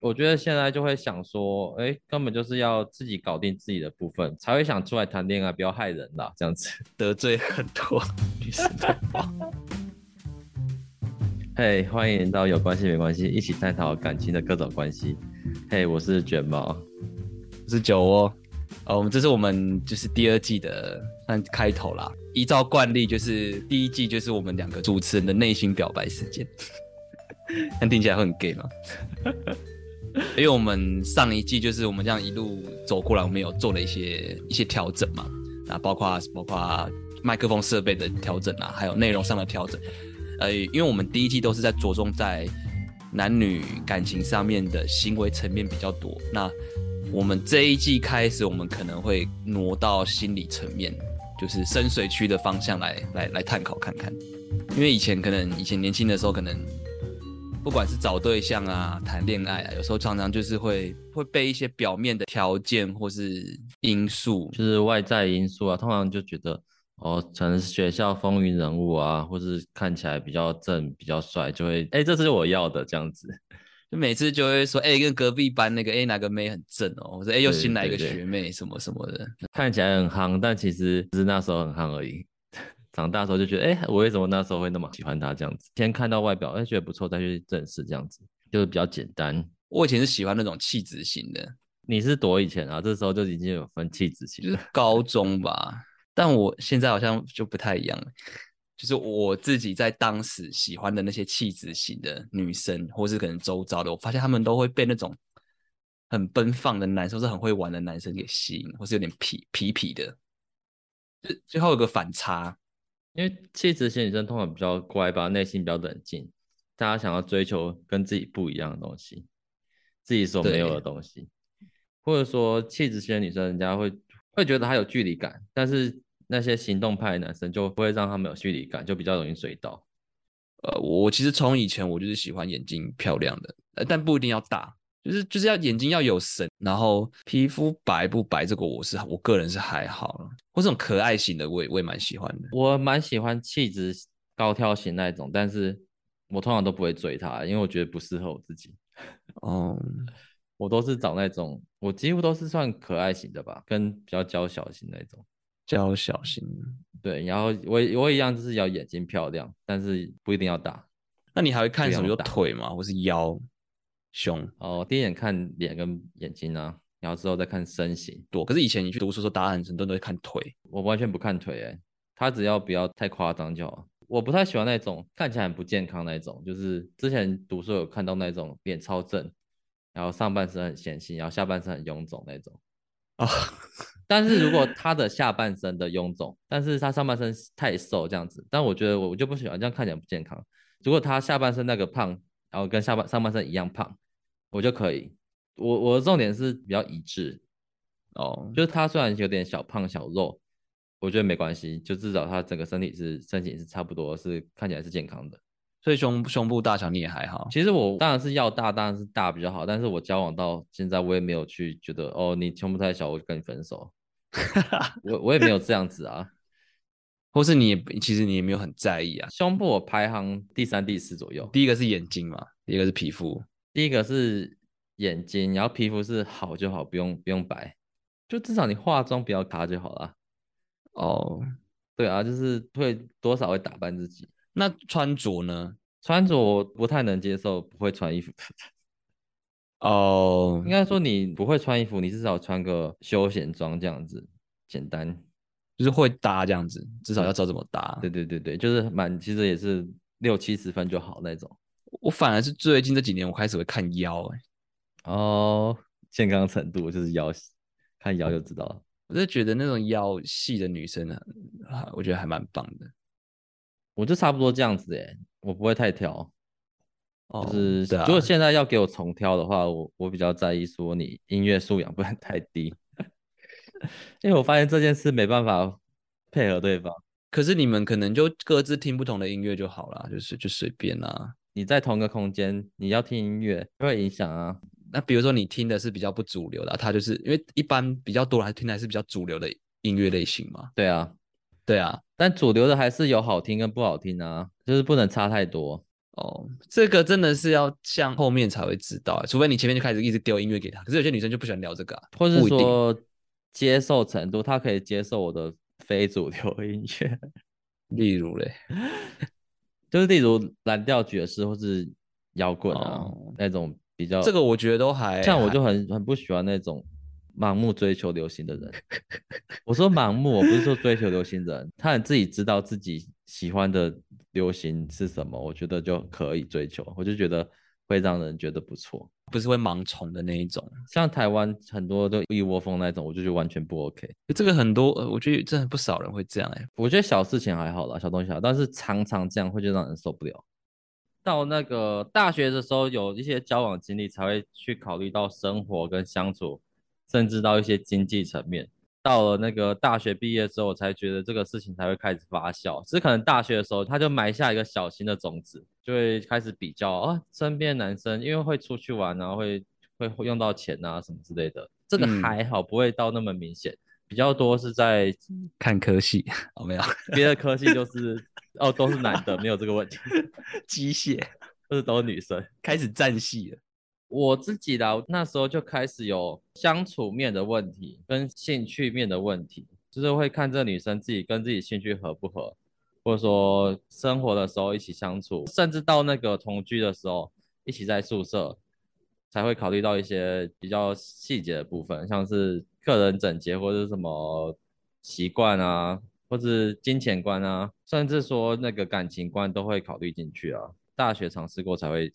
我覺得現在就會想說，哎、欸，根本就是要自己搞定自己的部分，才會想出來談戀愛，不要害人啦，這樣子得罪很多女生。嘿， hey, 歡迎到有關係沒關係，一起探討感情的各種關係。嘿、hey,，我是捲毛，是酒窩。哦，我們這是我們就是第二季的算開頭啦。依照慣例，就是第一集就是我們兩個主持人的內心表白時間。但 聽起來會很 gay 嗎？ 因為我們上一季就是我們這樣一路走過來，我們有做了一些一些調整嘛，那包括包括麥克風設備的調整啊，還有內容上的調整。呃，因為我們第一季都是在着重在男女感情上面的行為層面比較多，那我們這一季開始，我們可能會挪到心理層面，就是深水區的方向來來來探討看看。因為以前可能以前年輕的時候可能。不管是找對象啊、談戀愛啊，有時候常常就是會會被一些表面的條件或是因素，就是外在因素啊，通常就覺得哦，可能是學校風雲人物啊，或是看起來比較正、比較帥，就會哎、欸，這是我要的這樣子。就每次就會說，哎、欸，跟隔壁班那個，哎、欸，哪個妹很正哦？我說，哎、欸，對又新來一個學妹什麼什麼的，看起來很夯，但其實只是那時候很夯而已。長大的時候就覺得，哎，我為什麼那時候會那麼喜歡他這樣子？先看到外表，哎，覺得不錯，再去正視這樣子，就是比較簡單。我以前是喜歡那種氣質型的，你是多以前啊？這時候就已經有分氣質型了？就是高中吧。 但我現在好像就不太一樣了，就是我自己在當時喜歡的那些氣質型的女生，或是可能周遭的，我發現他們都會被那種很奔放的男生，或是很會玩的男生給吸引，或是有點痞痞痞的，最後有個反差。因為氣質型女生通常比較乖吧，內心比較冷靜，大家想要追求跟自己不一樣的東西，自己所沒有的東西，對或者說氣質型的女生，人家會會覺得她有距離感，但是那些行動派的男生就不會讓他們有距離感，就比較容易追到。呃，我其實從以前我就是喜歡眼睛漂亮的，但不一定要大。就是就是要眼睛要有神，然後皮膚白不白，這個我是我個人是還好了。或者這種可愛型的我也我也蠻喜歡的。我蠻喜歡氣質高挑型那種，但是我通常都不會追她，因為我覺得不適合我自己。哦，um, 我都是找那種，我幾乎都是算可愛型的吧，跟比較嬌小型那種。嬌小型。對，然後我我一樣就是要眼睛漂亮，但是不一定要大。那你還會看什麼？就腿嗎？打或是腰？胸熊哦，第一眼看臉跟眼睛啊，然後之後再看身形多。可是以前你去讀書說答案時，都都會看腿。我完全不看腿誒，他只要不要太誇張就好。我不太喜歡那種看起來很不健康那種，就是之前讀書有看到那種臉超正，然後上半身很纖細，然後下半身很臃腫那種啊。哦、 但是如果他的下半身的臃腫，但是他上半身太瘦這樣子，但我覺得我我就不喜歡這樣看起來不健康。如果他下半身那個胖，然後跟下半上半身一樣胖，我就可以。我我的重點是比較一致哦，Oh. 就是他雖然有點小胖小肉，我覺得沒關係，就至少他整個身體是身形是差不多，是看起來是健康的。所以胸胸部大小你也還好。其實我當然是要大，當然是大比較好。但是我交往到現在，我也沒有去覺得哦，你胸部太小，我就跟你分手。 我我也沒有這樣子啊。 或是你也其實你也沒有很在意啊，胸部我排行第三第四左右，第一個是眼睛嘛，第一個是皮膚，第一個是眼睛，然後皮膚是好就好，不用不用白，就至少你化妝不要卡就好了。哦，oh. 對啊，就是會多少會打扮自己，那穿着呢？穿着我不太能接受，不會穿衣服。哦 ，oh. 應該說你不會穿衣服，你至少穿個休閒裝這樣子，簡單。就是會搭這樣子，至少要知道怎麼搭。對對對對，就是滿，其實也是六七十分就好那種。我反而是最近這幾年我開始會看腰、欸，哦，健康程度就是腰，看腰就知道了，我就覺得那種腰細的女生呢、啊，我覺得還蠻棒的。我就差不多這樣子哎、欸，我不會太挑。哦、就是、啊、如果現在要給我重挑的話，我我比較在意說你音樂素養不能太低。因為、欸、我發現這件事沒辦法配合對方，可是你們可能就各自聽不同的音樂就好了，就是就隨便啦。你在同一個空間，你要聽音樂會不會影響啊？那比如說你聽的是比較不主流的，啊，他就是因為一般比較多來聽的還是比較主流的音樂類型嘛。對啊，對啊，但主流的還是有好聽跟不好聽啊，就是不能差太多哦。這個真的是要像後面才會知道，啊，除非你前面就開始一直丟音樂給他。可是有些女生就不喜歡聊這個，啊，或是說。接受程度，他可以接受我的非主流音樂， 例如嘞，就是例如藍調爵士或是搖滾啊、哦、那種比較，這個我覺得都還。像我就很很不喜歡那種盲目追求流行的人。還我說盲目，我不是說追求流行的人，他很自己知道自己喜歡的流行是什麼，我覺得就可以追求，我就覺得會讓人覺得不錯。不是會盲從的那一種，像台灣很多都一窩蜂那一種，我就覺得完全不 OK。這個很多呃，我覺得真的不少人會這樣哎、欸。我覺得小事情還好啦，小東西還好，但是常常這樣會就讓人受不了。到那個大學的時候，有一些交往經歷，才會去考慮到生活跟相處，甚至到一些經濟層面。到了那個大學畢業之後，我才覺得這個事情才會開始發酵。其實可能大學的時候，他就埋下一個小型的種子，就會開始比較啊、哦，身邊的男生，因為會出去玩，然後會會用到錢啊什麼之類的。這個還好，不會到那麼明顯，比較多是在看科系，有沒有？別的科系就是哦，都是男的，沒有這個問題。機械，或者都是女生，開始占系了。我自己的那時候就開始有相處面的問題跟興趣面的問題，就是會看這女生自己跟自己興趣合不合，或者說生活的時候一起相處，甚至到那個同居的時候一起在宿舍，才會考慮到一些比較細節的部分，像是個人整潔或者什麼習慣啊，或是金錢觀啊，甚至說那個感情觀都會考慮進去啊。大學嘗試過才會。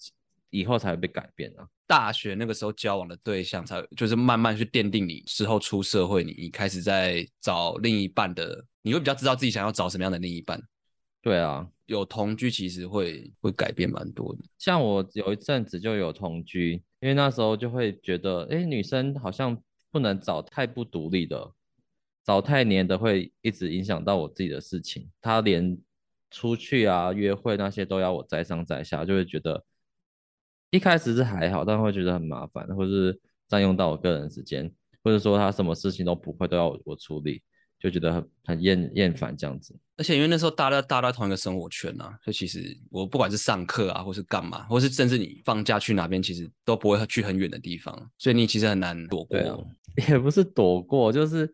以後才會被改變啊！大學那個時候交往的對象，才就是慢慢去奠定你之後出社會，你一開始在找另一半的，你會比較知道自己想要找什麼樣的另一半。對啊，有同居其實會會改變蠻多的。像我有一陣子就有同居，因為那時候就會覺得，哎，女生好像不能找太不獨立的，找太黏的會一直影響到我自己的事情。她連出去啊約會那些都要我再上再下，就會覺得。一開始是還好，但會覺得很麻煩，或是占用到我個人時間，或者說他什麼事情都不會，都要我，我處理，就覺得很很厭厭煩這樣子。而且因為那時候大家待在同一個生活圈呢、啊，所以其實我不管是上課啊，或是幹嘛，或是甚至你放假去哪邊，其實都不會去很遠的地方，所以你其實很難躲過。對啊、也不是躲過，就是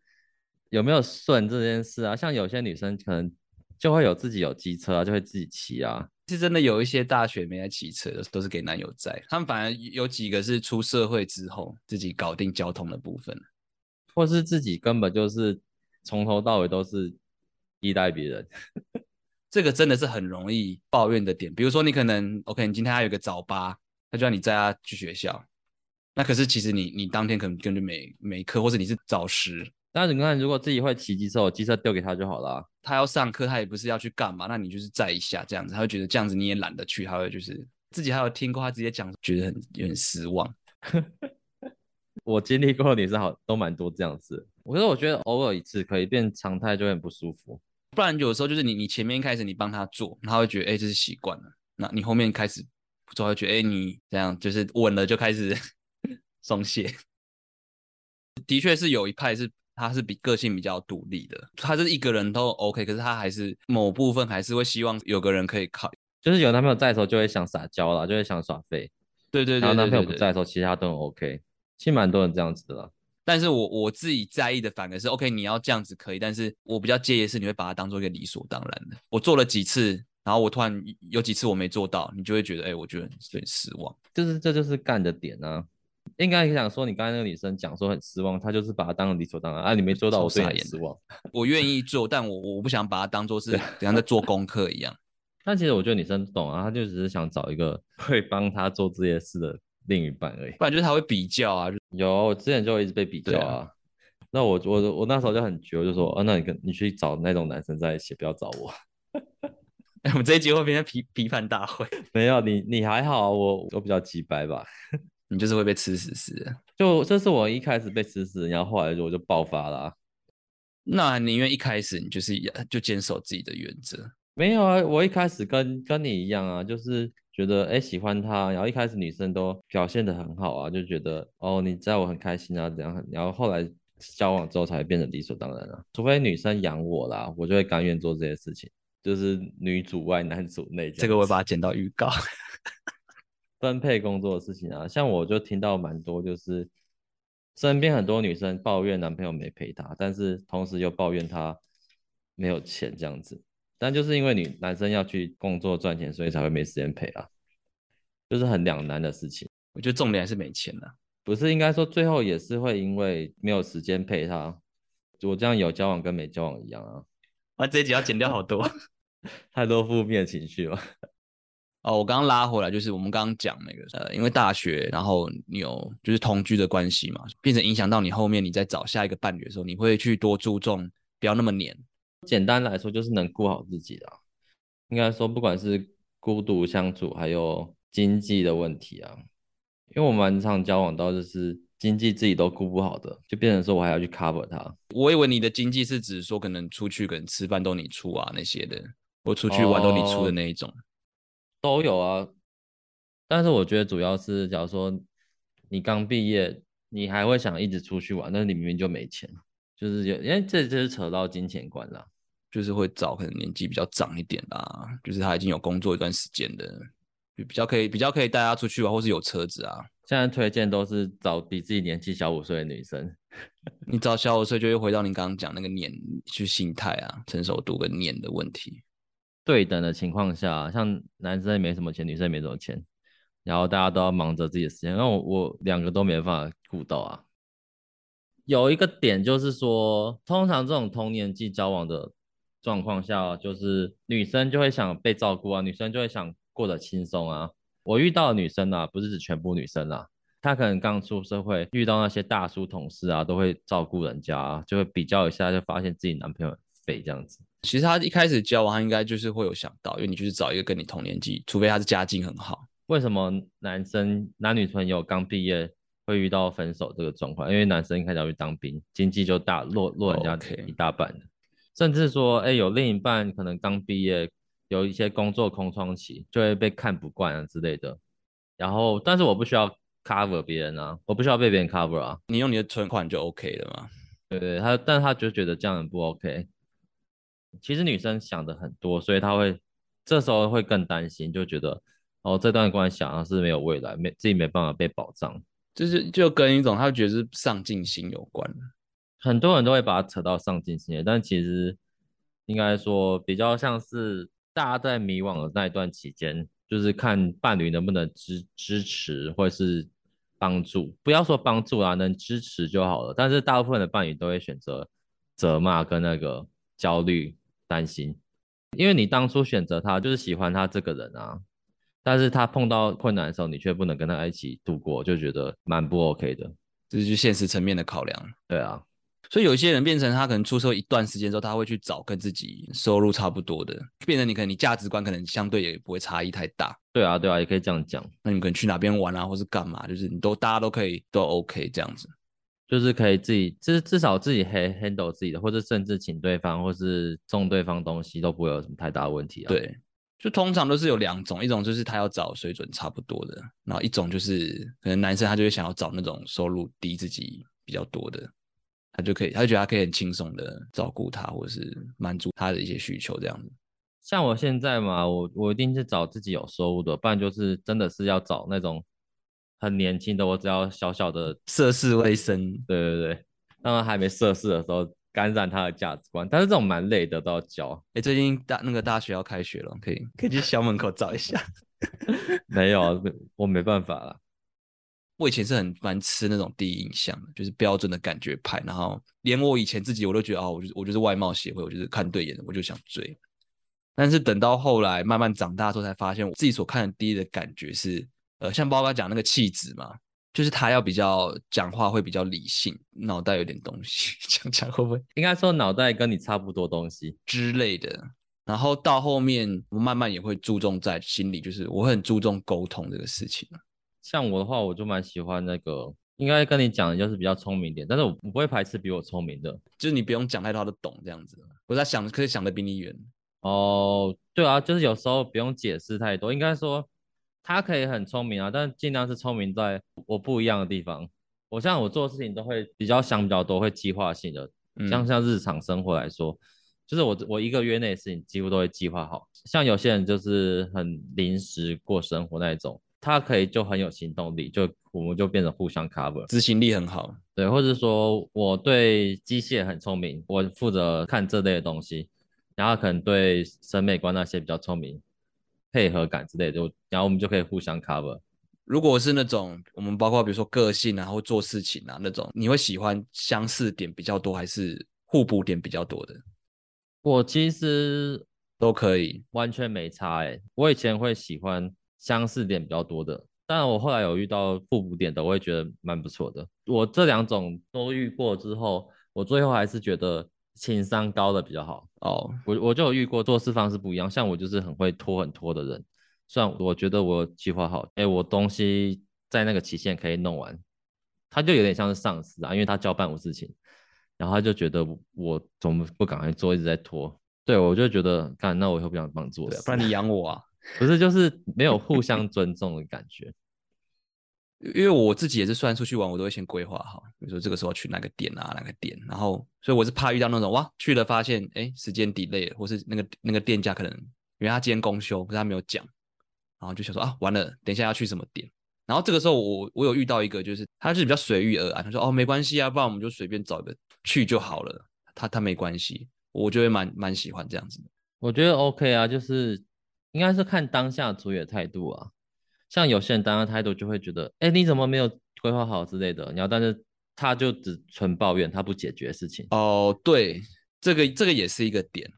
有沒有順這件事啊？像有些女生可能就會有自己有機車啊，就會自己騎啊。是真的有一些大學沒在騎車，都是給男友載。他們反而有幾個是出社會之後自己搞定交通的部分，或是自己根本就是從頭到尾都是依賴別人。 這個真的是很容易抱怨的點。比如說，你可能 OK，你今天還有個早八，他就讓你載他去學校。那可是其實你你當天可能根本沒沒課，或者你是早十。但是你看，如果自己會騎機車，我機車丟給他就好了啊。他要上課，他也不是要去幹嘛，那你就是載一下這樣子，他會覺得這樣子你也懶得去，他會就是自己還有聽過他直接講，覺得很有點失望。 我經歷過的女生好都蠻多這樣子。我覺得我覺得偶爾一次可以變成常態就很不舒服。不然有時候就是你你前面開始你幫他做，他會覺得哎這是習慣了。那你後面開始不做，他會覺得哎你這樣就是穩了就開始鬆懈。 的確是有一派是。他是比個性比較獨立的，他是一個人都 OK，可是他還是某部分還是會希望有個人可以靠，就是有男朋友在的時候就會想撒嬌啦，就會想耍廢。對對對，對，對，對對對，有男朋友不在的時候，其他都很 OK，其實蠻多人這樣子的啦。但是我我自己在意的反而是 OK，你要這樣子可以，但是我比較介意的是你會把它當做一個理所當然的。我做了幾次，然後我突然有幾次我沒做到，你就會覺得，哎、欸，我覺得很失望。就是這就是乾的點呢、啊。應該想說，你剛才那個女生講說很失望，她就是把她當理所當然啊。你沒做到，我非常失望。我願意做，但我我不想把它當做是像在做功課一樣。但 對 其實我覺得女生懂啊，她就只是想找一個會幫她做這些事的另一半而已。不然就是他會比較啊，有我之前就一直被比較啊。啊那我我我那時候就很絕，我就說，呃、啊，那你跟你去找那種男生在一起，不要找我。 哎、我們這一集會變成批批判大會？ 沒有，你你還好、啊，我我比較直白吧。 你就是會被吃死死的，就這是我一開始被吃死，然後後來我就爆發了啊。那寧願一開始你就是就堅守自己的原則，沒有啊，我一開始跟跟你一樣啊，就是覺得哎喜歡他，然後一開始女生都表現得很好啊，就覺得哦你知道我很開心啊，怎樣，然後後來交往之後才變得理所當然了。除非女生養我啦，我就會甘願做這些事情，就是女主外男主內這。這個我會把它剪到預告。 分配工作的事情啊，像我就聽到蠻多，就是身邊很多女生抱怨男朋友沒陪她，但是同時又抱怨他沒有錢這樣子。但就是因為女男生要去工作賺錢，所以才會沒時間陪啊，就是很兩難的事情。我覺得重點還是沒錢吶、啊，不是應該說最後也是會因為沒有時間陪他，我這樣有交往跟沒交往一樣啊？啊，這一集要剪掉好多， 太多負面情緒了。哦，我剛剛拉回來，就是我們剛剛講那個，呃，因為大學，然後你有就是同居的關係嘛，變成影響到你後面你再找下一個伴侶的時候，你會去多注重，不要那麼黏。簡單來說，就是能顧好自己啦，應該說不管是孤獨相處，還有經濟的問題啊，因為我們常交往到就是經濟自己都顧不好的，就變成說我還要去 cover 它。我以為你的經濟是指說可能出去可能吃飯都你出啊，那些的，我出去玩都你出的那一種。Oh. 都有啊，但是我覺得主要是假如說你剛畢業，你還會想一直出去玩，但是你明明就沒錢，就是有，因為這就是扯到金錢觀了，就是會找可能年紀比較長一點啦、啊，就是他已經有工作一段時間的，比較可以比較可以帶他出去玩、啊，或是有車子啊。現在推薦都是找比自己年紀小五歲的女生， 你找小五歲就會回到你剛剛講那個年，就是心態啊，成熟度跟年的問題。對等的情況下，像男生也沒什麼錢，女生也沒什麼錢，然後大家都要忙着自己的時間，那我我兩個都沒辦法顧到啊。有一個點就是說，通常這種同年紀交往的狀況下啊，就是女生就會想被照顧啊，女生就會想過得輕鬆啊。我遇到的女生啊，不是指全部女生啊，她可能剛出社會，遇到那些大叔同事啊，都會照顧人家啊，就會比較一下，就發現自己男朋友很肥這樣子。其實他一開始交往，他應該就是會有想到，因為你就是找一個跟你同年紀，除非他是家境很好。為什麼男生男女朋友剛畢業會遇到分手這個狀況？因為男生一開始要去當兵，經濟就大落落人家錢一大半。Oh, okay. 甚至說，哎、欸，有另一半可能剛畢業，有一些工作空窗期，就會被看不慣啊之類的。然後，但是我不需要 cover 別人啊，我不需要被別人 cover 啊，你用你的存款就 OK 了嘛？對對，他，但他就覺得這樣很不 OK。其實女生想的很多，所以她會這時候會更擔心，就覺得哦，這段關係好像是沒有未來，沒自己沒辦法被保障，就是就跟一種她覺得是上進心有關。很多人都會把它扯到上進心，但其實應該說比較像是大家在迷惘的那一段期間，就是看伴侶能不能支支持或是幫助，不要說幫助啊，能支持就好了。但是大部分的伴侶都會選擇責罵跟那個焦慮。擔心，因為你當初選擇他就是喜歡他這個人啊，但是他碰到困難的時候，你卻不能跟他一起度過，就覺得蠻不 OK 的。這是就現實層面的考量。對啊，所以有些人變成他可能出社會一段時間之後，他會去找跟自己收入差不多的，變成你可能你價值觀可能相對也不會差異太大。對啊，對啊，也可以這樣講。那你可能去哪邊玩啊，或是幹嘛，就是你都大家都可以都 OK 這樣子。就是可以自己，至至少自己可以 handle 自己的，或者甚至請對方，或是送對方東西都不會有什麼太大的問題啊。對，就通常都是有兩種，一種就是他要找水準差不多的，然後一種就是可能男生他就會想要找那種收入低自己比較多的，他就可以，他就覺得他可以很輕鬆的照顧他，或者是滿足他的一些需求這樣子。像我現在嘛，我我一定是找自己有收入的，不然就是真的是要找那種。很年輕的我，只要小小的涉世未深，對對對，當他還沒涉世的時候，感染他的價值觀。但是這種蠻累的，都要教。哎、欸，最近大那個大學要開學了，可以可以去校門口找一下。 沒有，我沒辦法了。我以前是很蠻吃那種第一印象的，就是標準的感覺派。然後連我以前自己我都覺得啊、哦，我就是我就是外貌協會，我就是看對眼的，我就想追。但是等到後來慢慢長大之後，才發現我自己所看的第一的感覺是。呃，像包包講那個氣質嘛，就是他要比較講話會比較理性，腦袋有點東西，講講，會不會？應該說腦袋跟你差不多東西之類的。然後到後面我慢慢也會注重在心裡，就是我很注重溝通這個事情。像我的話，我就蠻喜歡那個，應該跟你講的就是比較聰明一點。但是我不會排斥比我聰明的，就是你不用講太多，他都懂這樣子。我在想可以想的比你遠。哦，對啊，就是有時候不用解釋太多，應該說。他可以很聰明啊，但儘量是聰明在我不一樣的地方。我像我做事情都會比較想比較多，會計劃性的。像像日常生活來說，就是我我一個月內的事情幾乎都會計劃好。像有些人就是很臨時過生活那一種，他可以就很有行動力，就我們就變成互相 cover，執行力很好。對，或者說我對機械很聰明，我負責看這類的東西，然後可能對審美觀那些比較聰明。配合感之類的，就然後我們就可以互相 cover。如果是那種我們包括比如說個性啊，或做事情啊那種，你會喜歡相似點比較多，還是互補點比較多的？我其實都可以，完全沒差欸。我以前會喜歡相似點比較多的，但我後來有遇到互補點的，我也覺得蠻不錯的。我這兩種都遇過之後，我最後還是覺得。情商高的比較好哦，我我就有遇過做事方式不一樣，像我就是很會拖很拖的人，雖然我覺得我計劃好，哎、欸，我東西在那個期限可以弄完，他就有點像是上司啊，因為他交辦我事情，然後他就覺得我怎麼不趕快做，一直在拖，對我就覺得幹，那我以後不想幫你做了，不然你養我啊，不是，就是沒有互相尊重的感覺。 因為我自己也是算出去玩，我都會先規劃好，比如說這個時候去哪個店啊，哪個店，然後所以我是怕遇到那種哇去了發現哎時間 delay 了，或是那個那個店家可能因為他今天公休，可是他沒有講，然後就想說啊完了，等一下要去什麼店，然後這個時候我我有遇到一個就是他是比較隨遇而安，他說哦沒關係啊，不然我們就隨便找一個去就好了，他他沒關係，我就會蠻蠻喜歡這樣子的。我覺得 OK 啊，就是應該是看當下組員的態度啊。像有些人當然態度就會覺得，哎、欸，你怎麼沒有規劃好之類的。然後但是他就只純抱怨，他不解決事情。哦，對，這個這個也是一個點，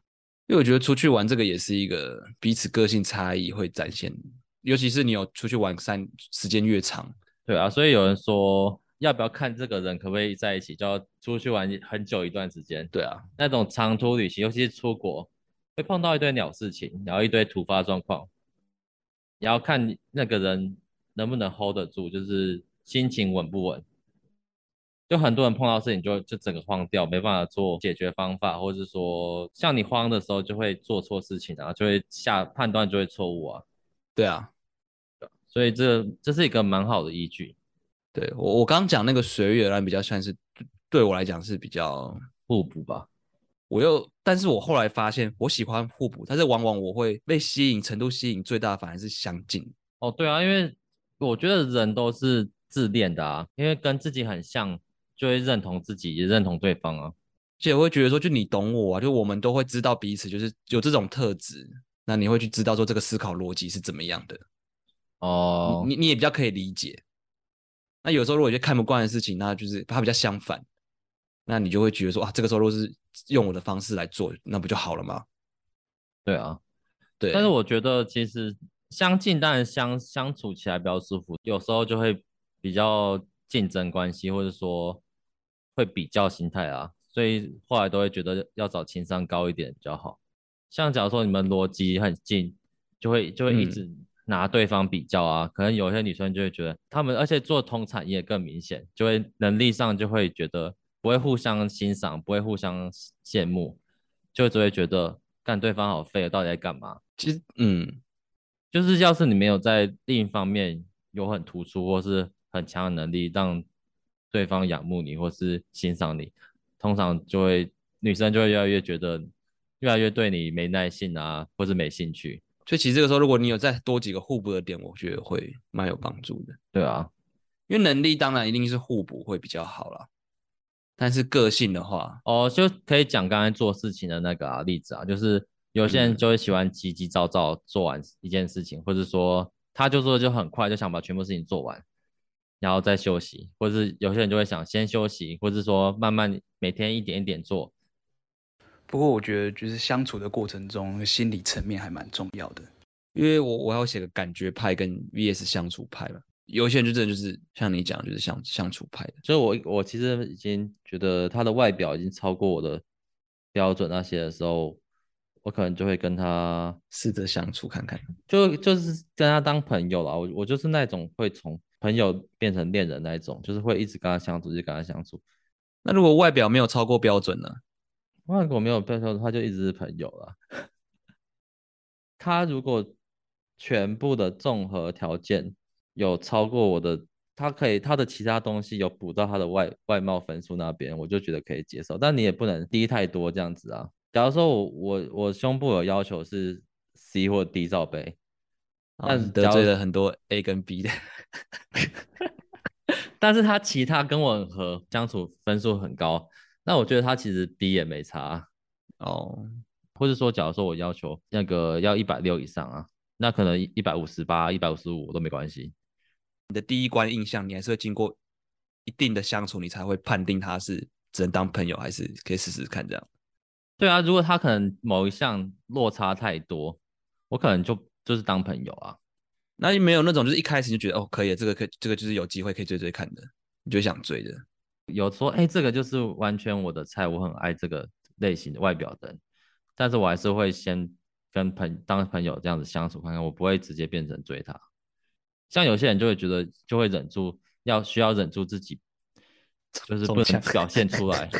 因為我覺得出去玩這個也是一個彼此個性差異會展現，尤其是你有出去玩三，時間越長，對啊。所以有人說，要不要看這個人可不可以在一起，就要出去玩很久一段時間，對啊。那種長途旅行，尤其是出國，會碰到一堆鳥事情，然後一堆突發狀況，你要看那個人能不能 hold 得住，就是心情穩不穩。就很多人碰到事情就就整個慌掉，沒辦法做解決方法，或者是說，像你慌的時候就會做錯事情啊，然後就會下判斷就會錯誤啊。對啊，所以這這是一個蠻好的依據。對，我我剛講那個隨緣比較算是對我來講是比較互補吧。我又，但是我後來發現，我喜歡互補，但是往往我會被吸引程度吸引最大，反而是相近。哦，對啊，因為我覺得人都是自戀的啊，因為跟自己很像，就會認同自己，也認同對方啊，就會覺得說，就你懂我啊，就我們都會知道彼此，就是有這種特質，那你會去知道說這個思考邏輯是怎麼樣的。哦，你你也比較可以理解。那有時候如果有些看不慣的事情，那就是他比較相反。那你就會覺得說啊，這個時候如果是用我的方式來做，那不就好了嗎？對啊，對。但是我覺得其實相近，當然相相處起來比較舒服，有時候就會比較競爭關係，或者說會比較心態啊，所以後來都會覺得要找情商高一點比較好。像假如說你們邏輯很近，就會就會一直拿對方比較啊，嗯，可能有些女生就會覺得他們，而且做同產業更明顯，就會能力上就會覺得。不會互相欣賞，不會互相羨慕，就只會覺得看對方好廢了，到底在幹嘛？其實，嗯，就是要是你沒有在另一方面有很突出或是很強的能力，讓對方仰慕你或是欣賞你，通常就會女生就會越來越覺得越來越對你沒耐性啊，或是沒興趣。所以，其實這個時候，如果你有再多幾個互補的點，我覺得會蠻有幫助的。嗯、對啊，因為能力當然一定是互補會比較好啦。但是個性的話，哦，就可以講剛才做事情的那個、啊、例子啊，就是有些人就會喜歡急急躁躁做完一件事情，嗯、或者說他就說就很快，就想把全部事情做完，然後再休息，或者是有些人就會想先休息，或者是說慢慢每天一點一點做。不過我覺得就是相處的過程中，心理層面還蠻重要的，因為我我要寫個感覺派跟 VS 相處派嘛。有些人就真的就是像你講，就是相相處派的。所以我我其實已經覺得他的外表已經超過我的標準，那些的時候，我可能就會跟他試着相處看看，就就是跟他當朋友啦。我我就是那種會從朋友變成戀人那一種，就是會一直跟他相處，一直跟他相處。那如果外表沒有超過標準呢？那如果沒有標準他就一直是朋友了。 他如果全部的綜合條件。有超過我的，他可以他的其他東西有補到他的外外貌分數那邊，我就覺得可以接受。但你也不能低太多這樣子啊。假如說我我我胸部有要求是 C 或 D 罩杯，但是得罪了很多 A 跟 B 的。 但是他其他跟我很合，相處分數很高，那我覺得他其實 B 也沒差哦。或者說假如說我要求那個要一百六以上啊，那可能一百五十八、一百五十五都沒關係。你的第一關印象，你還是會經過一定的相處，你才會判定他是只能當朋友，還是可以試試看這樣。對啊，如果他可能某一項落差太多，我可能就就是當朋友啊。那又沒有那種就是一開始你就覺得哦可以，這個、可以，這個可這個就是有機會可以追追看的，你就想追的。有說哎、欸，這個就是完全我的菜，我很愛這個類型的外表的人。但是我還是會先跟朋當朋友這樣子相處看看，我不會直接變成追他。像有些人就會覺得，就會忍住，要需要忍住自己，就是不想表現出來。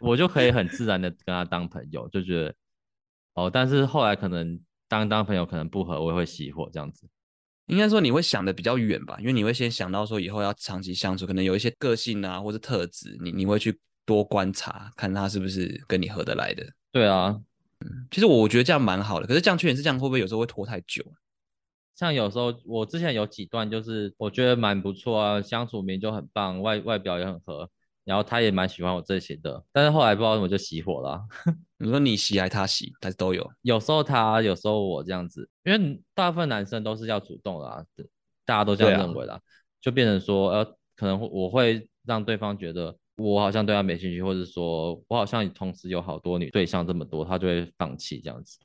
我就可以很自然的跟他當朋友，就覺得哦。但是後來可能當當朋友可能不合，我也會熄火這樣子。應該說你會想得比較遠吧，因為你會先想到說以後要長期相處，可能有一些個性啊，或是特質，你你會去多觀察，看他是不是跟你合得來的。對啊，其實我覺得這樣蠻好的。可是這樣缺點是這樣會不會有時候會拖太久？像有時候我之前有幾段就是我覺得蠻不錯啊，相處面就很棒，外外表也很合，然後他也蠻喜歡我這些的。但是後來不知道怎麼就熄火了。 你說你熄還是他熄，還是都有？有時候他，有時候我這樣子，因為大部分男生都是要主動啦、啊，大家都這樣認為啦，啊、就變成說呃，可能我會讓對方覺得我好像對他沒興趣，或者說我好像同時有好多女對象這麼多，他就會放棄這樣子。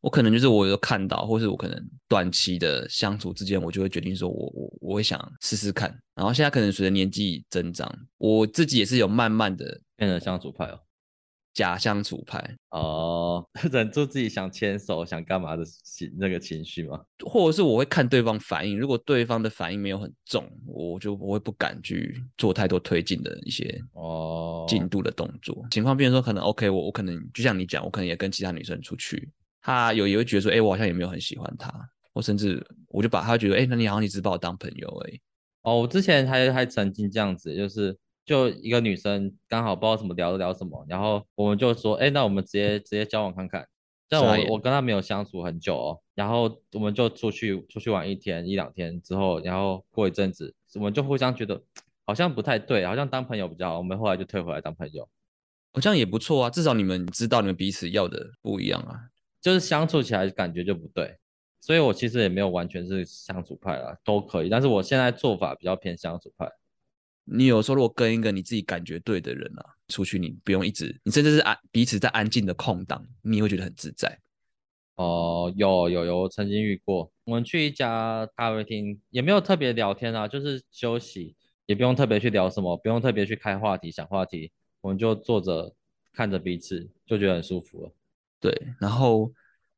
我可能就是我有看到，或是我可能短期的相處之間，我就會決定說我，我我我會想試試看。然後現在可能隨着年紀增長，我自己也是有慢慢的變成相處派哦，假相處派哦，oh, 忍住自己想牽手、想幹嘛的情那個情緒嗎？或者是我會看對方反應，如果對方的反應沒有很重，我就不會不敢去做太多推進的一些哦進度的動作。Oh. 情況變成說，可能 OK，我我可能就像你講，我可能也跟其他女生出去。他有也會覺得說，哎、欸，我好像也沒有很喜歡他，我甚至我就把他覺得，哎、欸，那你好像一直把我當朋友、欸，哎，哦，我之前還還曾經這樣子，就是就一個女生剛好不知道怎麼聊着聊什麼，然後我們就說，哎、欸，那我們直接直接交往看看，但我我跟他沒有相處很久哦，然後我們就出去出去玩一天一兩天之後，然後過一陣子我們就互相覺得好像不太對，好像當朋友比較好，我們後來就退回來當朋友，好像、哦、也不錯啊，至少你們知道你們彼此要的不一樣啊。就是相處起來感覺就不對，所以我其實也沒有完全是相處派啦，都可以。但是我現在做法比較偏相處派。你有時候如果跟一個你自己感覺對的人啊，出去你不用一直，你甚至是安、啊、彼此在安靜的空檔，你會覺得很自在。哦、呃，有有有,有，曾經遇過。我們去一家咖啡廳，也沒有特別聊天啊，就是休息，也不用特別去聊什麼，不用特別去開話題、想話題，我們就坐着看着彼此，就覺得很舒服了。對，然後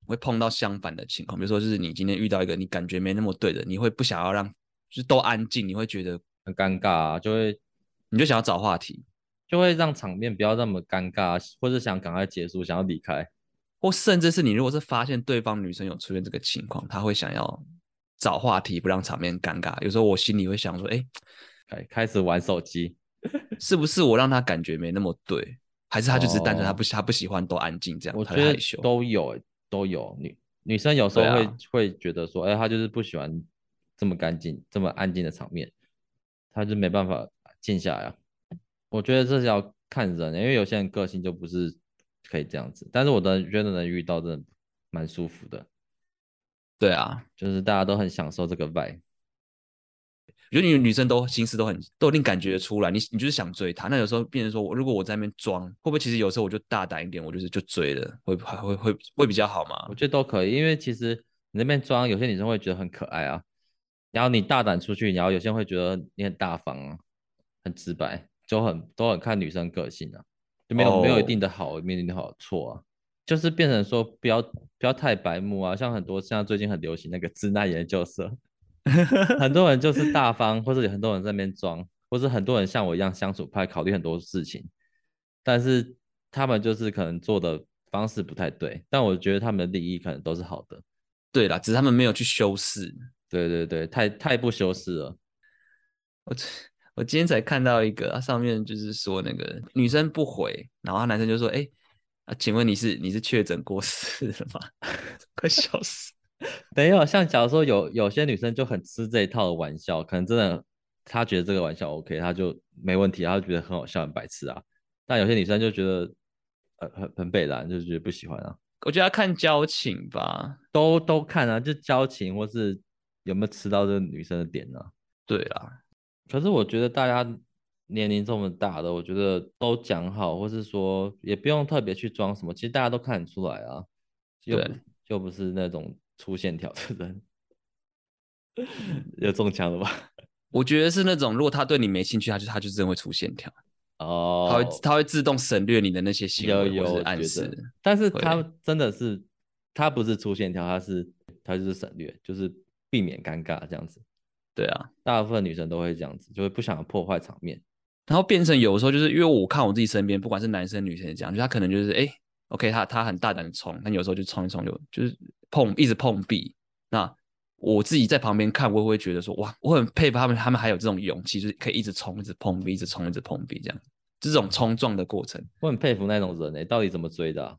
會碰到相反的情況，比如說就是你今天遇到一個你感覺沒那麼對的，你會不想要讓就是都安靜，你會覺得很尷尬、啊，就會你就想要找話題，就會讓場面不要那麼尷尬，或是想趕快結束，想要離開，或甚至是你如果是發現對方女生有出現這個情況，她會想要找話題不讓場面尷尬。有時候我心裡會想說，哎、欸，開始玩手機， 是不是我讓她感覺沒那麼對？還是他就是單純他不、oh, 他不喜歡都安靜這樣，我覺得都有都有女女生有時候會、啊、會覺得說，哎、欸，他就是不喜歡這麼乾淨這麼安靜的場面，他就沒辦法靜下來啊。我覺得這是要看人，因為有些人個性就不是可以這樣子。但是我的覺得能遇到真的蠻舒服的，對啊，就是大家都很享受這個 vibe。比如你女女生都心思都很，都有一定感覺出來。你你就是想追她，那有時候變成說我，我如果我在那邊裝，會不會其實有時候我就大膽一點，我就是就追了，會會會會比較好嗎？我覺得都可以，因為其實你那邊裝，有些女生會覺得很可愛啊。然後你大膽出去，然後有些人會覺得你很大方啊，很直白，就很都很看女生個性啊，就沒有、oh. 沒有一定的好，沒有一定的好錯啊，就是變成說不要不要太白目啊，像很多像最近很流行那個直男研究社。 很多人就是大方，或是有很多人在那邊裝，或是很多人像我一樣相處派，怕考慮很多事情。但是他們就是可能做的方式不太對，但我覺得他們的立意可能都是好的，對啦，只是他們沒有去修飾。對對對，太太不修飾了。我我今天才看到一個，上面就是說那個女生不回，然後男生就說：“哎、欸、啊，請問你是你是確診過世了嗎？” 快消失笑死。沒有，像假如說有有些女生就很吃這一套的玩笑，可能真的她覺得這個玩笑 OK，她就沒問題，她就覺得很好笑很白痴啊。但有些女生就覺得呃很很北爛，就覺得不喜歡啊。我覺得要看交情吧，都都看啊，就交情或是有沒有吃到這個女生的點呢、啊？對啊，可是我覺得大家年齡這麼大的，我覺得都講好，或是說也不用特別去裝什麼，其實大家都看得出來啊。又對就又不是那種。出線條的人 有中槍的，又中槍了吧？我覺得是那種，如果他對你沒興趣，他就他就是會出線條。哦，oh, 他會他會自動省略你的那些行為，有暗示。但是他真的是，他不是出線條，對他是他就是省略，就是避免尷尬這樣子。對啊，大部分女生都會這樣子，就會不想破壞場面，然後變成有時候就是因為我看我自己身邊，不管是男生女生這樣，就他可能就是哎、欸、，OK，他他很大膽的衝，那有時候就衝一衝就就是。碰一直碰壁，那我自己在旁邊看，我也會覺得說哇，我很佩服他們，他們還有這種勇氣，就是可以一直衝，一直碰壁，一直衝，一直碰壁這樣。這種衝撞的過程，我很佩服那種人誒、欸，到底怎麼追的、啊？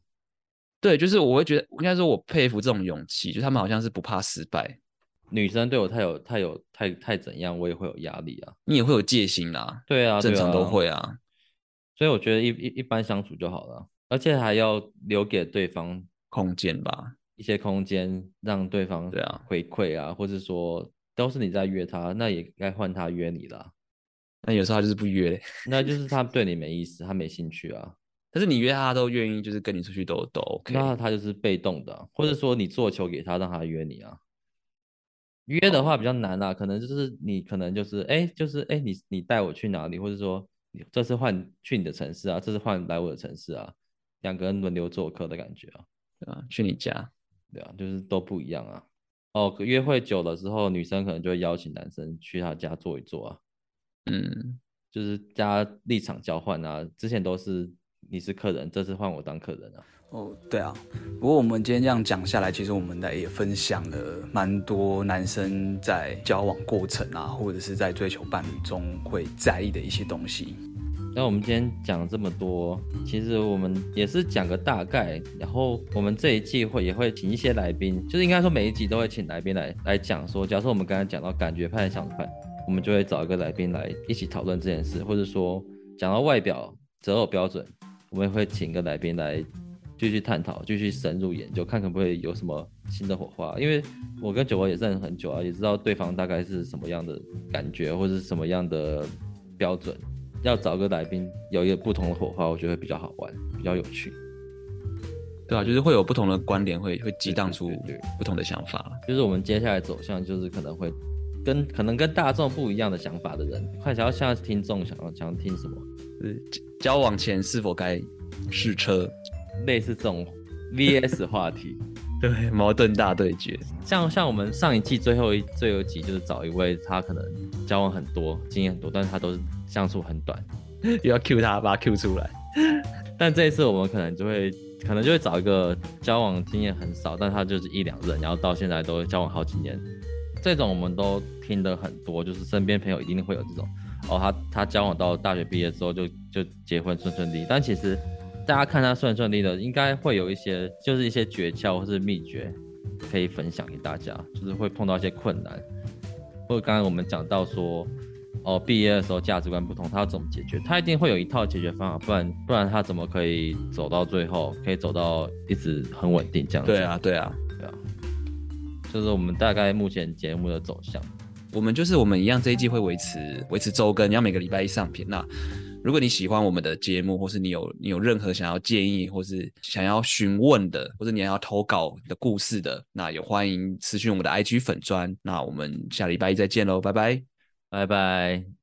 對，就是我會覺得應該說我佩服這種勇氣，就是、他們好像是不怕失敗。女生對我太有太有太太怎樣，我也會有壓力啊，你也會有戒心啊。對啊，正常都會啊,啊。所以我覺得一一一般相處就好了，而且還要留給對方空間吧。一些空間讓對方回饋啊，啊或者說都是你在約他，那也該換他約你了。那有時候他就是不約， 那就是他對你沒意思，他沒興趣啊。 但是你約他都願意，就是跟你出去兜兜。 那他就是被動的、啊，或者說你做球給他，讓他約你啊。約的話比較難啊，可能就是你可能就是哎、欸、就是哎、欸、你你帶我去哪裡，或者說你這次換去你的城市啊，這次換來我的城市啊，兩個人輪流做客的感覺啊，對啊，去你家。對啊，就是都不一樣啊。哦，約會久了之後，女生可能就會邀請男生去她家坐一坐啊。嗯，就是家立場交換啊。之前都是你是客人，這次換我當客人啊。哦，對啊。不過我們今天這樣講下來，其實我們在也分享了蠻多男生在交往過程啊，或者是在追求伴侶中會在意的一些東西。那我們今天講這麼多，其實我們也是講個大概。然後我們這一季會也會請一些來賓，就是應該說每一集都會請來賓來來講說，說假如說我們剛才講到感覺派、想法派，我們就會找一個來賓來一起討論這件事，或者說講到外表擇偶標準，我們也會請一個來賓來繼續探討、繼續深入研究，看可不可以有什麼新的火花。因為我跟酒窩也認識很久啊，也知道對方大概是什麼樣的感覺或者是什麼樣的標準。要找個來賓，有一個不同的火花，我覺得會比較好玩，比較有趣。對啊，就是會有不同的觀點，會會激盪出不同的想法。對對對對，就是我們接下來走向，就是可能會跟可能跟大眾不一樣的想法的人。看一下，現在聽眾想要想要聽什麼？就是、交往前是否該試車？類似這種 VS 話題。 對，矛盾大對決，像像我們上一季最後一、最後一集，就是找一位他可能交往很多，經驗很多，但是他都是相處很短， 又要 Q 他，把他 Q 出來。 但這一次我們可能就會，可能就會找一個交往經驗很少，但他就是一兩任，然後到現在都交往好幾年，這種我們都聽得很多，就是身邊朋友一定會有這種，哦，他、他交往到大學畢業之後就就結婚順順利利，但其實。大家看他順順利的，應該會有一些，就是一些訣竅或是秘訣，可以分享給大家。就是會碰到一些困難，或者剛剛我們講到說，哦，畢業的時候價值觀不同，他要怎麼解決？他一定會有一套解決方法，不然不然他怎麼可以走到最後，可以走到一直很穩定這樣？對啊，對啊，對啊。就是我們大概目前節目的走向，我們就是我們一樣，這一季會維持維持週更，你要每個禮拜一上片那。如果你喜歡我們的節目，或是你有你有任何想要建議，或是想要詢問的，或者你要投稿的故事的，那也歡迎私訊我們的 IG 粉專。那我們下禮拜一再見嘍，拜拜，拜拜。